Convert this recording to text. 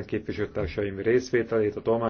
képviselőtársaim részvételét, a tolmácsolásban